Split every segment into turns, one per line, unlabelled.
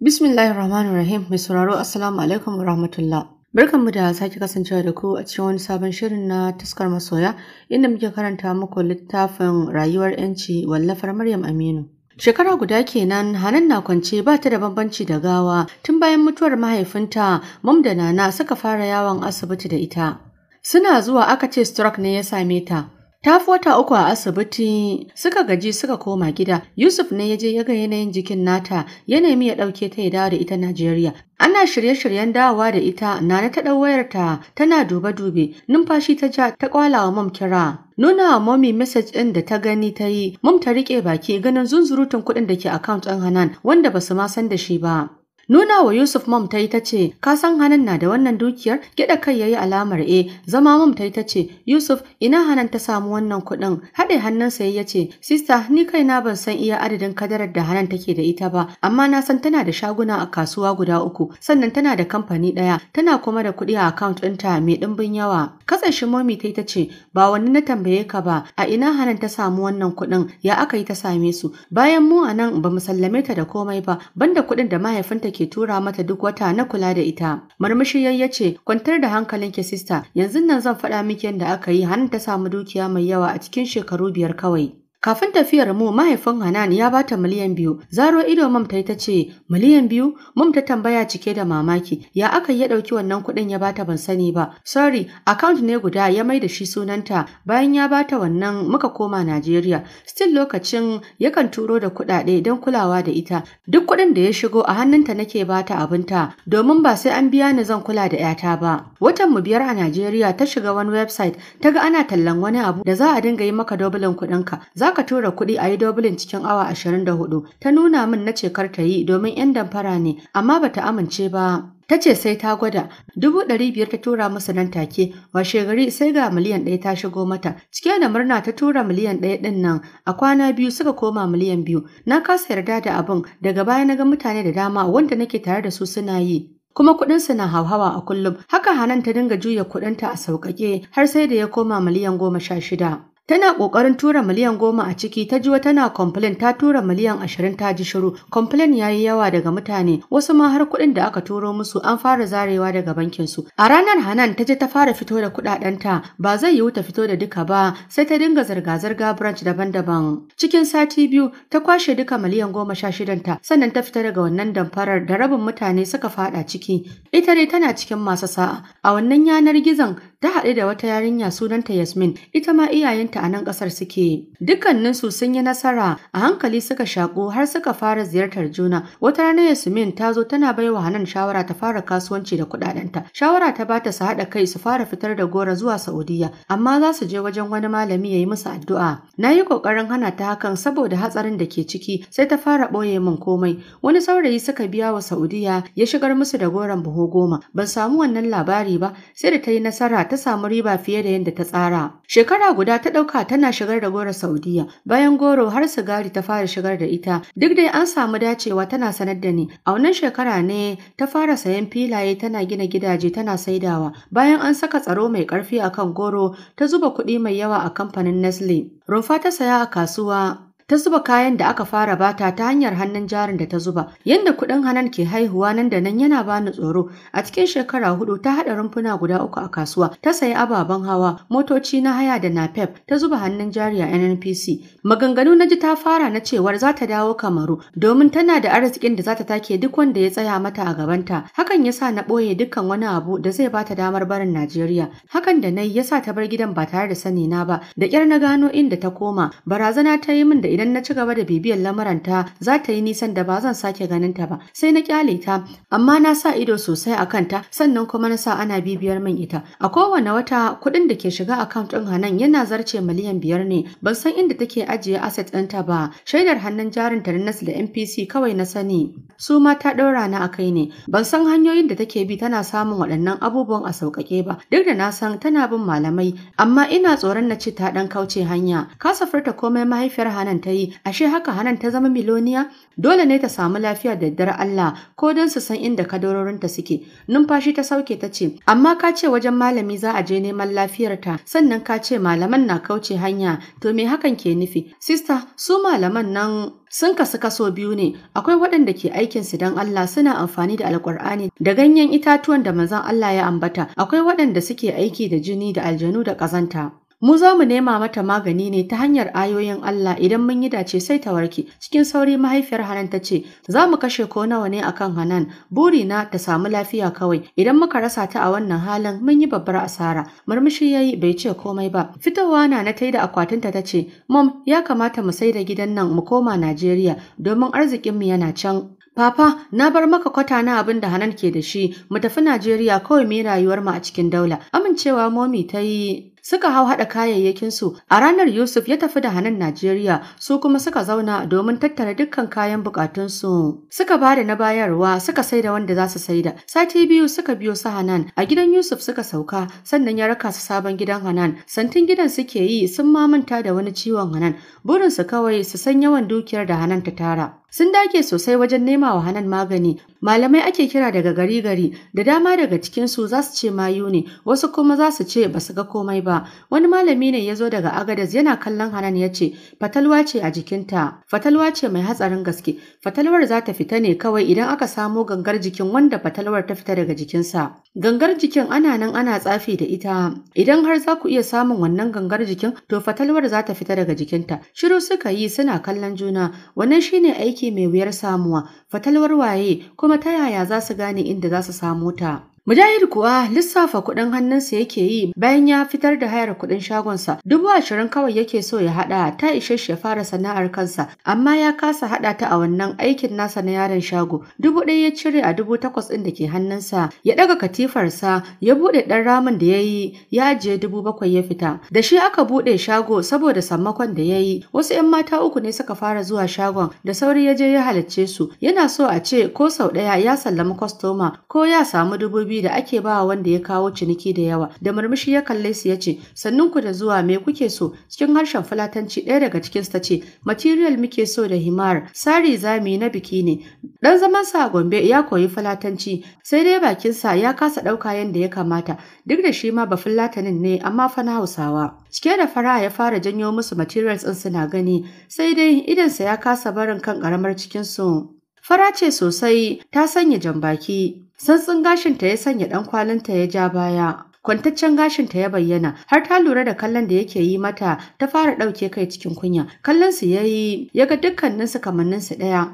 Bismillahirrahmanirrahim mai sauraro Assalamu alaikum wa rahmatullah. Barkanmu da sake kasancewa da ku a cikin wani sabon shirin na taskar masoya inda muke karanta muku littafin rayuwar yanci wallafar Maryam Aminu. Shekara guda kenan Hanan na kwance ba ta da bambanci da gawa tun bayan mutuwar mahaifinta Mum da Nana suka fara yawon asibiti da ita. Suna zuwa aka ce stroke ne ya same ta. Ta fi wata uku a asibiti suka gaji suka koma gida. Yusuf ne ya je ya ga yanayin jikin nata ya nemi ya ɗauke ta ya dawo da ita Najeriya. Ana shirye-shiryen dawowa da ita Nana ta ɗau wayarta tana duba dube numfashi ta ja ta kwala wa mom kira. Nuna wa mommy message ɗin da ta gani ta yi mom ta riƙe baki ganin zunzurutun kuɗin da ke account ɗin Hanan wanda ba su ma san da shi ba. Nuna wa Yusuf mom ta yi ta ce, Ka san Hanan na da wannan dukiyar? Gida kai ya yi alamar e, zama mom ta yi ta ce, Yusuf, ina Hanan ta samu wannan kuɗin? Haɗe hannunsa ya ce, Sista, ni kaina ban san iya adadin kadarar da Hanan take da ita ba, amma na san tana da shaguna a kasuwa guda uku, sannan tana da kamfani ɗaya, tana kuma da kuɗi a akaunt ɗinta mai ɗimbin yawa. Kasashen momi ta yi ta ce, Ba wani na tambaye ka ba, a ina Hanan ta samu wannan kuɗin? Ya aka yi ta same su? Bayan mu a ba mu sallame ta da komai ba, banda kuɗin da mahaifinta ke ke tura mata duk wata na kula da ita. Murmushi ya ce, "Kwantar da hankalin hankalinki sista, yanzu nan zan faɗa miki yadda aka yi hannun ta samu dukiya mai yawa a cikin shekaru biyar kawai." Kafin tafiyar mu mahaifin Hanan ya bata miliyan biyu. Zaro ido mam ta ta ce miliyan biyu? Mam ta tambaya cike da mamaki. Ya aka ya ɗauki wannan kuɗin ya bata ban sani ba. Sorry, account ne guda ya mai da shi sunanta. Bayan ya bata wannan muka koma Najeriya. Still lokacin yakan turo da kuɗaɗe don kulawa da ita. Duk kuɗin da ya shigo a hannunta nake bata abinta domin ba sai an biya ni zan kula da 'yata ba. Watan mu biyar a Najeriya ta shiga wani website ta ga ana tallan wani abu da za a dinga yi maka dobulin kuɗinka. Za Ka tura kuɗi a yi dobulin cikin awa ashirin da hudu. Ta nuna min na ce kar ta yi domin 'yan damfara ne, amma bata amince ba. ta ce sai ta gwada dubu ɗari biyar ta tura musu nan take washe gari sai ga miliyan ɗaya ta shigo mata cike da murna ta tura miliyan ɗaya ɗin nan a kwana biyu suka koma miliyan biyu na kasa yarda da abin daga baya na ga mutane da dama wanda nake tare da su suna yi kuma kuɗinsu na hauhawa a kullum haka hanan ta dinga juya kuɗinta a sauƙaƙe har sai da ya koma miliyan goma sha shida Tana ƙoƙarin tura miliyan goma a ciki ta ji wa tana complain ta tura miliyan ashirin ta ji shiru. Complain ya yi yawa daga mutane wasu ma har kuɗin da aka turo musu an fara zarewa daga bankin su. A ranar Hanan ta je ta fara fito da kuɗaɗenta ba zai yiwu ta fito da duka ba sai ta dinga zirga-zirga branch daban-daban. Cikin sati biyu ta kwashe duka miliyan goma sha ta sannan ta fita daga wannan damfarar da rabin mutane suka faɗa ciki. Ita dai tana cikin masu sa'a. A wannan yanar gizon ta haɗe da wata yarinya sunanta Yasmin, ita ma iyayenta a nan ƙasar suke. Dukkaninsu sun yi nasara, a hankali suka shaƙo har suka fara ziyartar juna. Wata rana Yasmin ta zo tana bai wa Hanan shawara ta fara kasuwanci da kuɗaɗenta. Shawara ta bata su haɗa kai su fara fitar da gora zuwa Saudiya, amma za su je wajen wani malami ya yi musu addu'a. Na yi ƙoƙarin hana ta hakan saboda hatsarin da ke ciki, sai ta fara ɓoye min komai. Wani saurayi suka biya wa Saudiya ya shigar musu da goron buhu goma. Ban samu wannan labari ba, sai da ta yi nasara ta samu riba fiye da yadda ta tsara. Shekara guda ta ɗauka tana shigar da goro Saudiya, bayan goro har sigari ta fara shigar da ita. Duk dai an samu dacewa tana sanar da ni. A wannan shekara ne ta fara sayan filaye tana gina gidaje tana saidawa. Bayan an saka tsaro mai ƙarfi akan goro, ta zuba kuɗi mai yawa a kamfanin Nestle. Rumfa ta saya a kasuwa ta zuba kayan da aka fara bata ta hanyar hannun jarin da ta zuba yadda kuɗin hanan ke haihuwa nan da nan yana bani tsoro a cikin shekara hudu ta haɗa rumfuna guda uku a kasuwa ta sayi ababen hawa motoci na haya da napep ta zuba hannun jari a nnpc maganganu na ji ta fara na cewar za ta dawo kamaru domin tana da arzikin da za ta take duk wanda ya tsaya mata a gabanta hakan ya sa na ɓoye dukkan wani abu da zai bata damar barin najeriya hakan da na yi ya sa ta bar gidan ba tare da sani na ba da kyar na gano inda ta koma barazana ta yi min da idan idan na ci gaba da bibiyar lamuranta za ta yi nisan da ba zan sake ganin ta ba sai na kyale ta amma na sa ido sosai a kanta sannan kuma na sa ana bibiyar min ita a kowane wata kuɗin da ke shiga akaunt ɗin Hanan yana zarce miliyan biyar ne ban san inda take ajiye asset ɗinta ba shaidar hannun jarin ta nas da NPC kawai na sani su ma ta ɗora na akai ne ban san hanyoyin da take bi tana samun waɗannan abubuwan a sauƙaƙe ba duk da na san tana bin malamai amma ina tsoron na ci ta ɗan kauce hanya kasa furta komai mahaifiyar Hanan ta yi ashe haka hanan ta zama miloniya dole ne ta samu lafiya da daddare Allah ko don su san inda kadarorinta suke numfashi ta sauke ta ce amma ka ce wajen malami za a je neman lafiyarta sannan ka ce malaman na kauce hanya to me hakan ke nufi sista su malaman nan sun kasu kaso biyu ne akwai waɗanda ke aikinsu su don Allah suna amfani da alƙur'ani da ganyen itatuwan da manzon Allah ya ambata akwai waɗanda suke aiki da jini da aljanu da ƙazanta Mu za mu nema mata magani ne ta hanyar ayoyin Allah idan mun yi dace sai ta warke. Cikin sauri mahaifiyar Hanan ta ce, "Za mu kashe ko nawa ne akan Hanan, buri na ta samu lafiya kawai. Idan muka rasa ta a wannan halin mun yi babbar asara." Murmushi yayi bai ce komai ba. Fitowa na na taida akwatinta ta ce, "Mom, ya kamata mu sai da gidan nan mu koma Najeriya domin arzikinmu yana can Papa, na bar maka kwata na abin da Hanan ke da shi, mu tafi Najeriya kawai mu rayuwar mu a cikin daula. Amincewa momi ta yi suka hau haɗa su, a ranar Yusuf ya tafi da Hanan Najeriya su kuma suka zauna domin tattara dukkan kayan bukatunsu. Suka bada na bayarwa suka saida wanda za su saida. Sati biyu suka biyo su Hanan a gidan Yusuf suka sauka sannan ya raka su sabon gidan Hanan. Santin gidan suke yi sun mamanta da wani ciwon Hanan. Burinsu kawai su san yawan dukiyar da Hanan ta tara. Sun dake sosai wajen nema wa Hanan magani, malamai ake kira daga gari gari, da dama daga cikinsu za su ce mayu ne, wasu kuma za su ce ba su ga komai ba. Wani malami ne ya zo daga Agadez yana kallon Hanan ya ce, fatalwa ce a jikinta, fatalwa ce mai hatsarin gaske, fatalwar za ta fita ne kawai idan aka samo gangar jikin wanda fatalwar ta fita daga jikinsa. Gangar jikin ana nan ana tsafi da ita, idan har za ku iya samun wannan gangar jikin, to fatalwar za ta fita daga jikinta. Shiru suka yi suna kallon juna, wannan shine aiki aiki mai wuyar samuwa fatalwar waye kuma ta yaya za su gane inda za su samo ta Mujahid kuwa lissafa kuɗin hannunsa yake yi bayan ya fitar da hayar kuɗin shagonsa. Dubu ashirin kawai yake so ya haɗa ta ishe ya fara sana'ar kansa, amma ya kasa haɗa ta a wannan aikin nasa na yaron shago. Dubu ɗaya ya cire a dubu takwas ɗin da ke hannunsa, ya ɗaga katifarsa, ya buɗe ɗan ramin da ya yi, ya ajiye dubu bakwai ya fita. Da shi aka buɗe shago saboda sammakon da ya yi, wasu ‘yan mata uku ne suka fara zuwa shagon, da sauri ya je ya halarce su. Yana so a ce ko sau ɗaya ya sallami kwastoma ko ya samu dubu biyu madubi da ake ba wanda ya kawo ciniki da yawa da murmushi ya kalle su ya ce sannun ku da zuwa me kuke so cikin harshen fulatanci ɗaya daga cikin ta ce material muke so da himar sari zami na biki ne dan zaman sa gombe ya koyi fulatanci sai dai bakin sa ya kasa ɗauka yanda ya kamata duk da shi ma ba fulatanin ne amma fa na hausawa cike da fara ya fara janyo musu materials ɗin suna gani sai dai sa ya kasa barin kan ƙaramar cikin su Fara ce sosai ta sanya jambaki, santsin gashinta ya sanya ɗan kwalinta ya ja baya. Kwantaccen gashinta ya bayyana har ta lura da kallon da yake yi mata ta fara ɗauke kai cikin kunya. Kallon su yayi ya ga dukkaninsu kamanninsu ɗaya.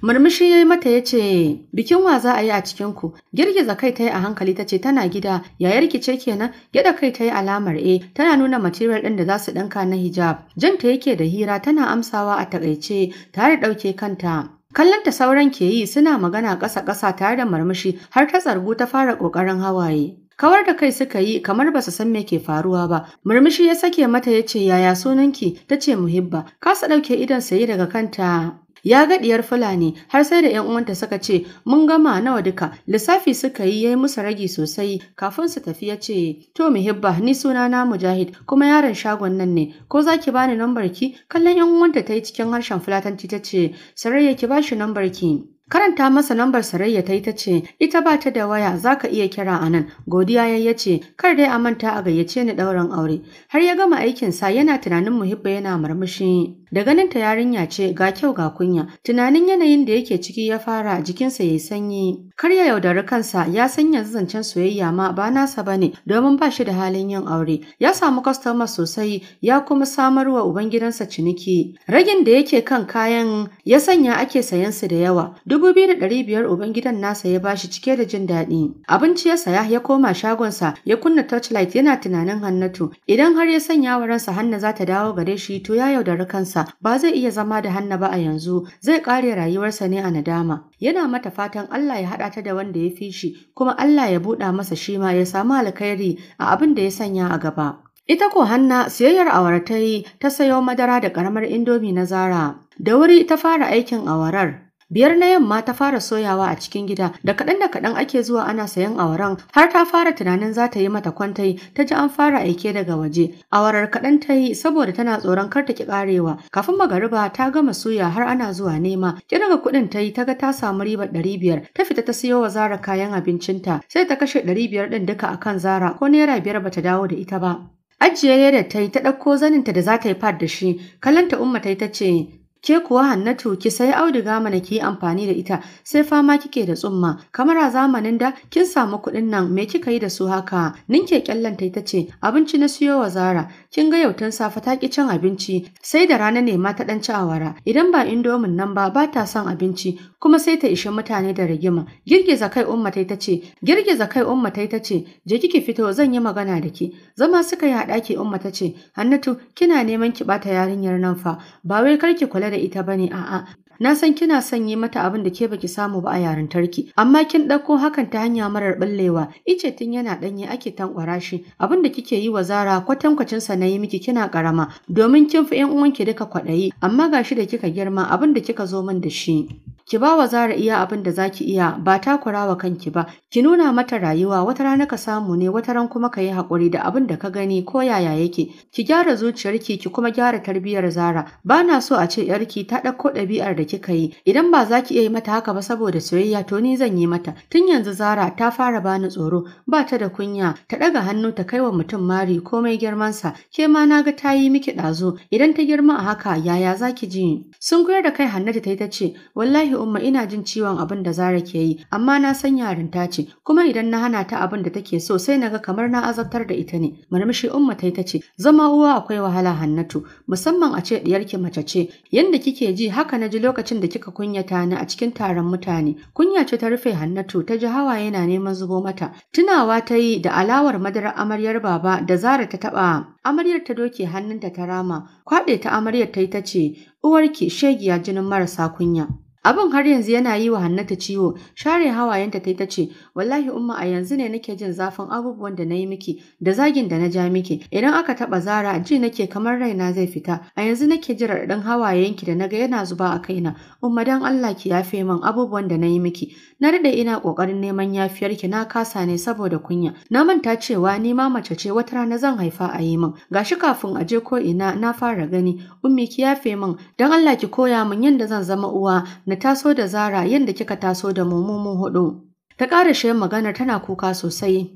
Murmushi ya yi mata ya ce, Bikin wa za a yi a cikinku, girgiza kai ta yi a hankali ta ce tana gida, yayar ki ce kenan, gyada kai ta yi alamar E, tana nuna material ɗin da za su ɗinka na hijab. Janta yake da hira tana amsawa a taƙaice, tare ɗauke kanta. Kallon da sauran ke yi suna magana ƙasa-ƙasa tare da marmashi har ta tsargu ta fara ƙoƙarin hawaye. Kawar da kai suka yi kamar ba su san me ke faruwa ba. Murmushi ya sake mata ya ce yaya sunanki ta ce muhibba. Kasa ɗauke idon sayi daga kanta Ya ga diyar Fulani har sai da 'yan uwanta suka ce mun gama nawa duka lissafi suka yi yayi musu ragi sosai kafin su tafi ya ce to muhibba ni suna na Mujahid kuma yaron shagon nan ne ko za ki bani lambar ki kallon 'yan uwanta ta yi cikin harshen Fulatanci ta ce sarayya ki bashi lambar ki. Karanta masa lambar Sarayya ta yi ta ce, "Ita ba ta da waya, za ka iya kira a nan." Godiya ya ya ce, "Kar dai a manta a gayyace ni ɗaurin aure." Har ya gama aikinsa yana tunanin muhibba yana murmushi. Da ganin ta yarinya ce ga kyau ga kunya, tunanin yanayin da yake ciki ya fara jikinsa ya yi sanyi. Kar ya yaudari kansa ya sanya zancen soyayya ma ba nasa ba ne domin ba shi da halin yin aure. Ya samu kwastama sosai ya kuma samar wa ubangidansa ciniki. Ragin da yake kan kayan ya sanya ake sayansu da yawa. Dubu biyu da ɗari biyar ubangidan nasa ya bashi cike da jin daɗi. Abinci ya saya ya koma shagonsa ya kunna torchlight yana tunanin Hannatu. Idan har ya sanya wa ransa Hanna za ta dawo gare shi to ya yaudari kansa ba zai iya zama da Hanna ba a yanzu zai ƙare rayuwarsa ne a nadama. Yana mata fatan Allah ya haɗa ta da wanda ya fi shi kuma Allah ya buɗa masa shi ma ya samu alkhairi a abin da ya sanya a gaba. Ita ko Hanna siyayyar awara ta yi ta sayo madara da ƙaramar indomi na Zara. Da wuri ta fara aikin awarar, Biyar na yamma ta fara soyawa a cikin gida, da kaɗan da kaɗan ake zuwa ana sayan awaran, har ta fara tunanin za ta yi mata kwantai, ta ji an fara aike daga waje. Awarar kaɗan ta yi saboda tana tsoron kar ta ki ƙarewa. Kafin magariba ta gama suya har ana zuwa nema. daga kuɗin ta yi ta ga ta samu ribar ɗari biyar, ta fita ta siyo wa Zara kayan abincinta, sai ta kashe ɗari biyar ɗin duka akan Zara ko naira biyar ba ta dawo da ita ba. Ajiye da ta yi ta ɗauko zaninta da za ta yi fad da shi, kallonta umma ta yi ta ce, Ke kuwa Hannatu ki sai auduga mana ki amfani da ita sai fama kike da tsumma. Kamar a zamanin da kin samu kuɗin nan me kika yi da su haka? Ninke kyallanta ita ce abinci na siyo wa Zara. Kin ga yautan safe ta ki cin abinci sai da rana ne ma ta dan ci awara. Idan ba indomin nan ba ba ta son abinci kuma sai ta ishe mutane da rigima. Girgiza kai umma ta ce girgiza kai umma ta ce je kike fito zan yi magana da ki. Zama suka yi a ɗaki umma ta ce Hannatu kina neman ki bata yarinyar nan fa ba wai kar ki kula da da ita ba ne: a'a na san kina son yi mata abin da ke baki samu ba a yarintarki amma kin ɗauko hakan ta hanya marar ɓallewa ice tun yana ɗanye ake tankwara shi abin da kike yi wa zara kwatankwacin sa na yi miki kina ƙarama domin kin fi 'yan uwanki duka kwaɗayi amma gashi da kika girma abin da kika zo min da shi ki ba wa Zara iya abin da zaki iya ba wa kanki ba ki nuna mata rayuwa wata rana ka samu ne wata ran kuma ka yi hakuri da abin da ka gani ko yaya yake ki gyara zuciyarki ki kuma gyara tarbiyyar Zara ba na so a ce yarki ta ɗauko ɗabi'ar da kika yi idan ba zaki ki iya yi mata haka ba saboda soyayya to ni zan yi mata tun yanzu Zara ta fara bani tsoro ba ta da kunya ta ɗaga hannu ta kai wa mutum mari komai girmansa ke ma na ga ta yi miki ɗazu idan ta girma a haka yaya zaki ki ji sun koyar da kai Hannatu ta yi ta ce wallahi umma ina jin ciwon abin da Zara ke yi amma na san yarinta ce kuma idan na hana ta abin da take so sai naga kamar na azabtar da ita ne murmushi umma ta tai ce. zama uwa akwai wahala Hannatu musamman a ce diyarki mace ce yanda kike ji haka na ji lokacin da kika kunyata ni a cikin taron mutane kunya ce ta rufe Hannatu ta ji hawa yana neman zubo mata tunawa ta yi da alawar madarar amaryar baba da Zara ta taba amaryar ta doke hannunta ta rama kwaɗe ta amaryar ta yi ta ce uwarki shegiya jinin marasa kunya Abin har yanzu yana yi wa Hannatu ciwo, share hawayenta ta yi ta ce, Wallahi umma a yanzu ne nake jin zafin abubuwan da na yi miki, da zagin da na ja miki, idan aka taɓa zara ji nake kamar raina zai fita, a yanzu nake ji ɗin hawayenki da naga yana zuba a kaina, umma dan Allah ki yafe min abubuwan da na yi miki. Na daɗe ina ƙoƙarin neman yafiyarki na kasa ne saboda kunya, na manta cewa ni ma mace ce wata rana zan haifa a yi min, gashi kafin a je ko ina na fara gani, ummi ki yafe min, dan Allah ki koya min yadda zan zama uwa na mu taso da Zara yadda kika taso da mu huɗu. hudu. Ta ƙara shi maganar tana kuka sosai.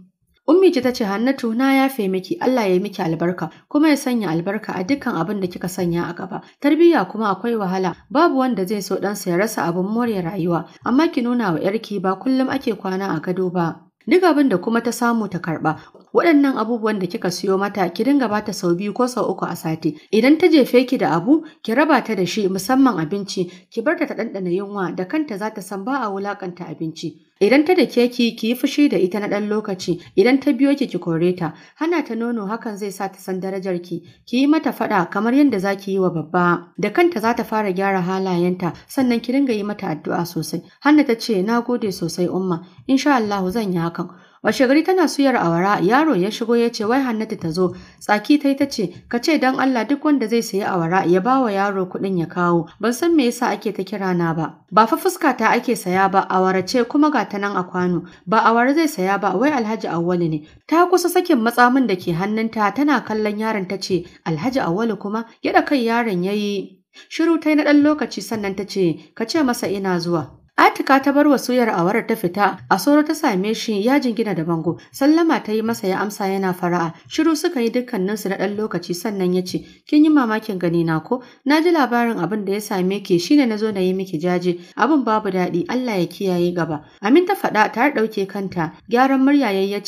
Ummi ji ta ce Hannatu na yafe miki Allah ya yi miki albarka kuma ya sanya albarka a dukkan abin da kika sanya a gaba. Tarbiyya kuma akwai wahala babu wanda zai so ɗansa ya rasa abin more rayuwa amma ki nuna wa ‘yarki ba kullum ake kwana a gado ba. Duk abin da kuma ta samu ta karba, waɗannan abubuwan da kika siyo mata ki dinga ba ta sau biyu ko sau uku a sati. Idan ta jefe ki da abu, ki raba ta da shi musamman abinci, ki bar ta ta ɗanɗana yunwa da kanta za ta san ba a wulaƙanta abinci. Idan ta dake ki ki yi fushi da ita na ɗan lokaci, idan ta biyo ki ki kore ta, hana ta nono hakan zai sa ta san darajar ki, ki yi mata faɗa kamar yadda za ki yi wa babba. Da kanta za ta fara gyara halayenta, sannan ki dinga yi mata addu'a sosai. Hanna ta ce, "Na gode sosai umma, insha Allah zan yi hakan." Washe gari tana suyar awara, yaro ya shigo ya ce wai Hannatu ta zo. Tsaki tai ta ce, "Ka ce dan Allah duk wanda zai sayi awara ya ba wa yaro kuɗin ya kawo. Ban san me yasa ake ta kira na ba." Ba fa fuska ta ake saya ba, awara ce kuma ga ta nan a kwano. Ba awara zai saya ba, wai Alhaji Awwalu ne. Ta kusa sakin matsamin da ke hannunta tana kallon yaron ta ce, "Alhaji Awwalu kuma?" Yada kai yaron yayi Shiru ta yi na ɗan lokaci sannan ta ce, "Ka ce masa ina zuwa." Atika ta bar wasuyar awara ta fita, a soro ta same shi ya jingina da bango. Sallama ta yi masa ya amsa yana fara'a. Shiru suka yi dukkanin su na ɗan lokaci sannan ya ce, "Kin yi mamakin gani na ko? Na ji labarin abin da ya same ke shine na zo na yi miki jaje. Abin babu daɗi, Allah ya kiyaye gaba." Amin ta faɗa ɗauke kanta. Gyaran murya ya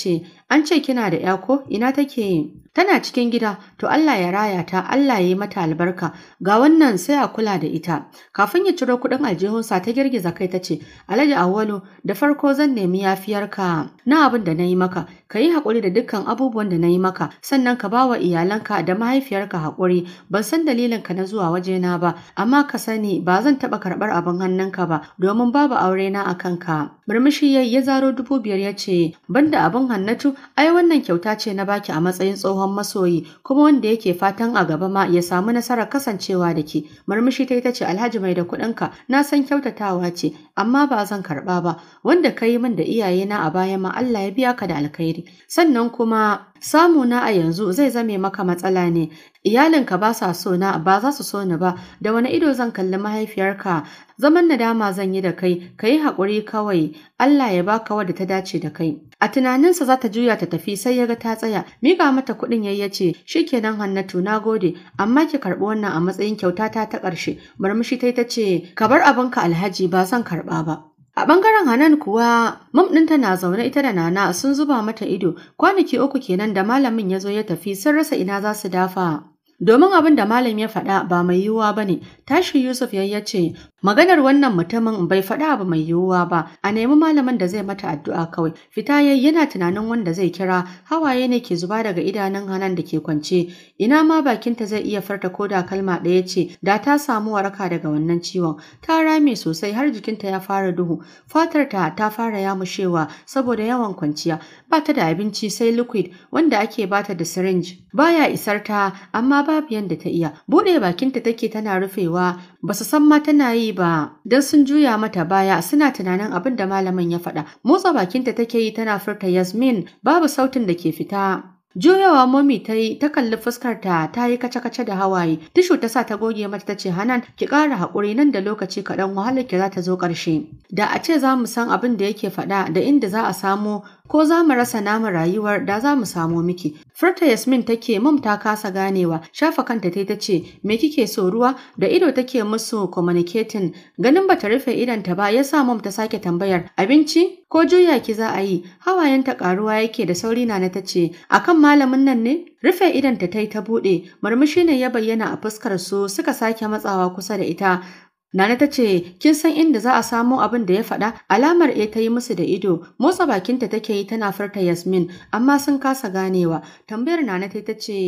An ce kina da ya ko ina take yin? Tana cikin gida, to Allah ya raya ta, Allah ya yi mata albarka, ga wannan sai a kula da ita. Kafin ya ciro kuɗin aljihunsa ta girgiza kai ta ce, Alhaji Awwalu, da farko zan nemi yafiyarka na abin da na yi maka, ka yi haƙuri da dukkan abubuwan da na yi maka, sannan ka bawa iyalanka da mahaifiyarka haƙuri, ban san dalilin ka na zuwa wajena ba, amma ka sani ba zan taɓa karɓar abin hannunka ba, domin babu aure na a kanka. Murmushi ya zaro dubu biyar ya ce, banda abin hannatu ai wannan kyauta ce na baki a matsayin tsohon masoyi kuma wanda yake fatan a gaba ma ya samu nasarar kasancewa da ke murmushi ta ita ce alhaji mai da kuɗinka na san kyautatawa ce amma ba zan karɓa ba wanda ka yi min da iyayena a baya ma Allah ya biya ka da alkhairi sannan kuma samu na a yanzu zai zame maka matsala ne iyalinka ba sa so na ba za su so ni ba da wani ido zan kalli mahaifiyarka zaman nadama zan yi da kai ka yi haƙuri kawai Allah ya baka wadda ta dace da kai A tunaninsa za ta juya ta tafi sai ya ga ta tsaya, miƙa mata kuɗin yayi ya ce, shi nan Hannatu na gode, amma ki karɓi wannan a matsayin kyautata ta ƙarshe. Murmushi ta yi ta ce, ka bar abinka alhaji ba zan karɓa ba. A ɓangaren Hanan kuwa, mam ɗin tana zaune ita da Nana sun zuba mata ido, kwanaki uku kenan da malamin ya zo ya tafi sun rasa ina za su dafa. Domin abin da malam ya faɗa ba mai yiwuwa ba ne, tashi Yusuf ya ce, maganar wannan mutumin bai faɗa ba mai yiwuwa ba, a nemi malamin da zai mata addu'a kawai. Fita yayi yana tunanin wanda zai kira, hawaye ne ke zuba daga idanun Hanan da ke kwance, ina ma bakinta zai iya farta ko da kalma ɗaya ce, da ta samu waraka daga wannan ciwon. Ta rame sosai har jikinta ya fara duhu, fatarta ta fara yamushewa saboda yawan kwanciya, ba ta da abinci sai liquid wanda ake bata da syringe. Baya isar ta, amma ba babu yadda ta iya buɗe bakinta take tana rufewa ba su san ma tana yi ba don sun juya mata baya suna tunanin abin da malamin ya faɗa motsa bakinta take yi tana furta yasmin babu sautin da ke fita Juyawa momi ta yi ta kalli fuskar ta yi kace-kace da hawaye. Tishu ta sa ta goge mata ta ce Hanan ki ƙara haƙuri nan da lokaci kaɗan wahalar ki za ta zo ƙarshe. Da a ce za mu san abin da yake faɗa da inda za a samo ko za mu rasa namu rayuwar da za mu samo miki. Furta Yasmin take mum ta kasa ganewa, shafa kanta tai ta ce, "Me kike so ruwa?" da ido take musu communicating. Ganin bata rufe idanta ba, yasa mum ta sake tambayar, "Abinci ko juya ki za a yi?" Hawayenta karuwa yake da sauri na ta ce, "Akan malamin nan ne?" Rufe idanta tai ta bude, murmushi ne ya bayyana a fuskar su suka sake matsawa kusa da ita. Nana ta ce, "Kin san inda za a samo abin da ya faɗa?" Alamar e ta yi musu da ido, motsa bakinta take yi tana furta Yasmin, amma sun kasa ganewa. Tambayar Nana ta ta ce,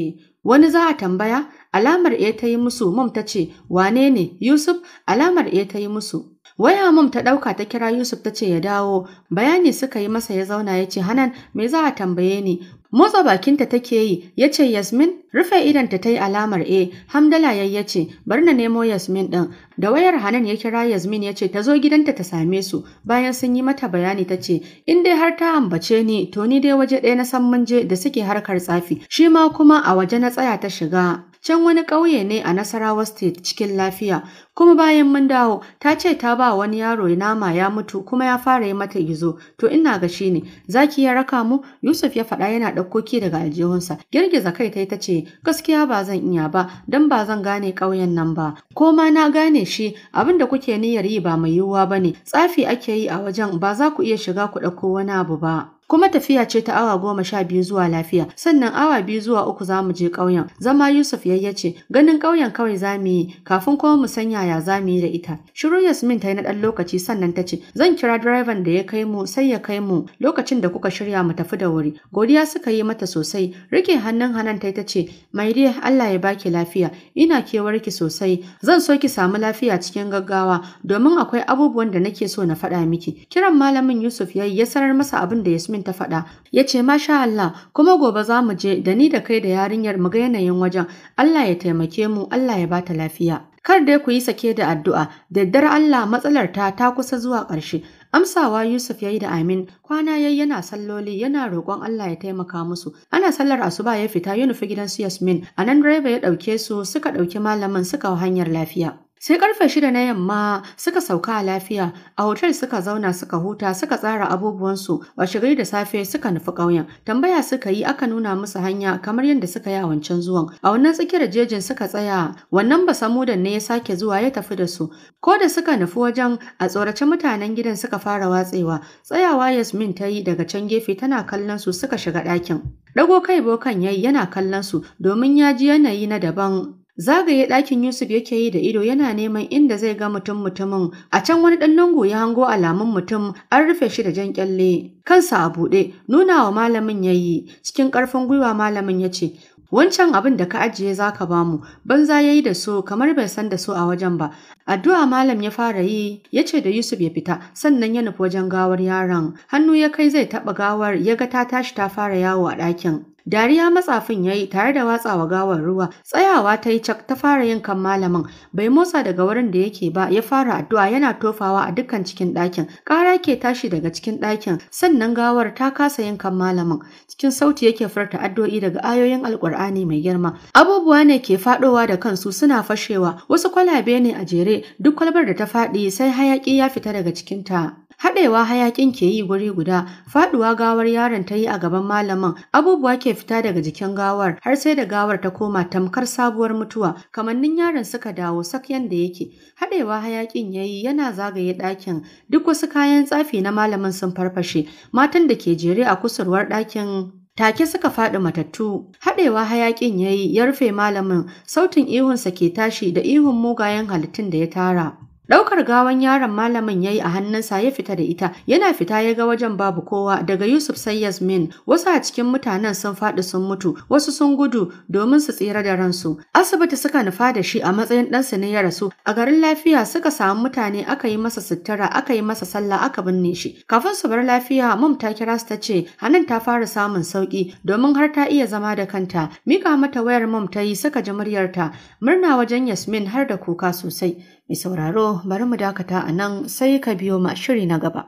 "Wani za a tambaya?" Alamar e ta yi musu, Mom ta ce, "Wane ne?" Yusuf, alamar e ta yi musu. Waya mom ta ɗauka ta kira Yusuf ta ce ya dawo, bayani suka yi masa ya zauna ya ce Hanan me za a tambaye ni, Motsa bakinta take yi, ya ce Yasmin rufe idanta ta yi alamar A, Hamdala ya ce bar na nemo Yasmin ɗin. Da wayar Hanan ya kira Yasmin ya ce ta zo gidanta ta same su bayan sun yi mata bayani ta ce in dai har ta ambace ni to ni dai waje ɗaya na san mun je da suke harkar tsafi shi ma kuma a waje na tsaya ta shiga. can wani ƙauye ne a Nasarawa State cikin lafiya, kuma bayan mun dawo ta ce ta ba wani yaro nama ya mutu kuma ya fara yi mata gizo, to ina ga shi ne, zaki ya raka mu? Yusuf ya faɗa yana ɗauko ki daga aljihunsa, girgiza kai ta ta ce, gaskiya ba zan iya ba, don ba zan gane ƙauyen nan ba, ko ma na gane shi abin da kuke niyyar yi ba mai yiwuwa ba ne, tsafi ake yi a wajen ba za ku iya shiga ku ɗauko wani abu ba. kuma tafiya ce ta awa goma sha biyu zuwa lafiya sannan awa biyu zuwa uku za mu je ƙauyen zama Yusuf ya ce ganin ƙauyen kawai za mu yi kafin kuma mu sanya ya za mu yi da ita shiru Yasmin ta yi na ɗan lokaci sannan ta ce zan kira direban da ya kai mu sai ya kai mu lokacin da kuka shirya mu tafi da wuri godiya suka yi mata sosai rike hannun Hanan ta ce mai dai Allah ya baki lafiya ina kewarki sosai zan so ki samu lafiya cikin gaggawa domin akwai abubuwan da nake so na faɗa miki kiran malamin Yusuf ya yi ya sanar masa abin da Yasmin Yasmin ta faɗa. Ya ce masha Allah kuma gobe za mu je da ni da kai da yarinyar mu ga yanayin wajen. Allah ya taimake mu Allah ya bata lafiya. Kar dai ku yi sake da addu'a, daddar Allah matsalar ta ta kusa zuwa ƙarshe. Amsawa Yusuf ya yi da Amin, kwana yayi yana salloli yana roƙon Allah ya taimaka musu. Ana sallar asuba ya fita yunufi gidan su Yasmin, a nan direba ya ɗauke su suka ɗauki malamin suka hanyar lafiya. Sai karfe shida na yamma suka sauka a lafiya, a hotel suka zauna suka huta suka tsara abubuwansu, A gari da safe suka nufi ƙauyen. Tambaya suka yi aka nuna musu hanya kamar yadda suka yi a wancan zuwan. A wannan tsakiyar jejin suka tsaya, wannan ba da ne ya sake zuwa ya tafi da su. Ko da suka nufi wajen a tsorace mutanen gidan suka fara watsewa, tsayawa Yasmin ta yi daga can gefe tana kallon su suka shiga ɗakin. Dago kai bokan yayi yana kallon su domin ya ji yanayi na daban Zagaye ɗakin Yusuf yake yi da ido yana neman inda zai ga mutum-mutumin. A can wani ɗan lungu ya hango alamun mutum an rufe shi da jan kyalle. Kansa a buɗe, nuna wa malamin ya yi. Cikin ƙarfin gwiwa malamin ya ce, Wancan abin da ka ajiye za ka ba mu, banza ya yi da so kamar bai san da so a wajen ba. Addu'a malam ya fara yi, ya ce da Yusuf ya fita, sannan ya nufi wajen gawar yaron. Hannu ya kai zai taɓa gawar, ya ga ta tashi ta fara yawo a ɗakin. Dariya matsafin ya yi tare da watsawa gawar ruwa, tsayawa ta yi cak ta fara yin kan malamin, bai motsa daga wurin da yake ba ya fara addu'a yana tofawa a dukkan cikin ɗakin, ƙara ke tashi daga cikin ɗakin, sannan gawar ta kasa yankan malamin. Cikin sauti yake furta addu'o'i daga ayoyin Alƙur'ani mai girma. Abubuwa ne ke faɗowa da kansu suna fashewa, wasu kwalabe ne a jere, duk kwalbar da ta faɗi sai hayaƙi ya fita daga cikinta. haɗewa hayakin ke yi guri guda faɗuwa gawar yaron ta yi a gaban malamin abubuwa ke fita daga jikin gawar har sai da gawar ta koma tamkar sabuwar mutuwa kamannin yaron suka dawo sak yanda yake haɗewa hayaƙin ya yi yana zagaye ɗakin duk wasu kayan tsafi na malamin sun farfashe matan da ke jere a kusurwar ɗakin Take suka faɗi matattu, haɗewa hayaƙin ya yi ya rufe malamin, sautin ihunsa ke tashi da ihun mugayen halittun da ya tara. Ɗaukar gawan yaron malamin yayi yi a hannunsa ya fita da ita, yana fita ya ga wajen babu kowa daga Yusuf sai Yasmin, wasu a cikin mutanen sun faɗi sun mutu, wasu sun gudu domin su tsira da ransu. Asibiti suka nufa da shi a matsayin ɗansa ne ya rasu, a garin lafiya suka samu mutane aka yi masa sutura, aka yi masa sallah, aka binne shi. Kafin su bar lafiya, mom ta kira su ta ce, Hanan ta fara samun sauki domin har ta iya zama da kanta. Mika mata wayar mom ta yi suka ji muryarta, murna wajen Yasmin har da kuka sosai. Mai sauraro bari mu dakata a nan sai ka biyo ma shiri na gaba.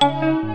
thank you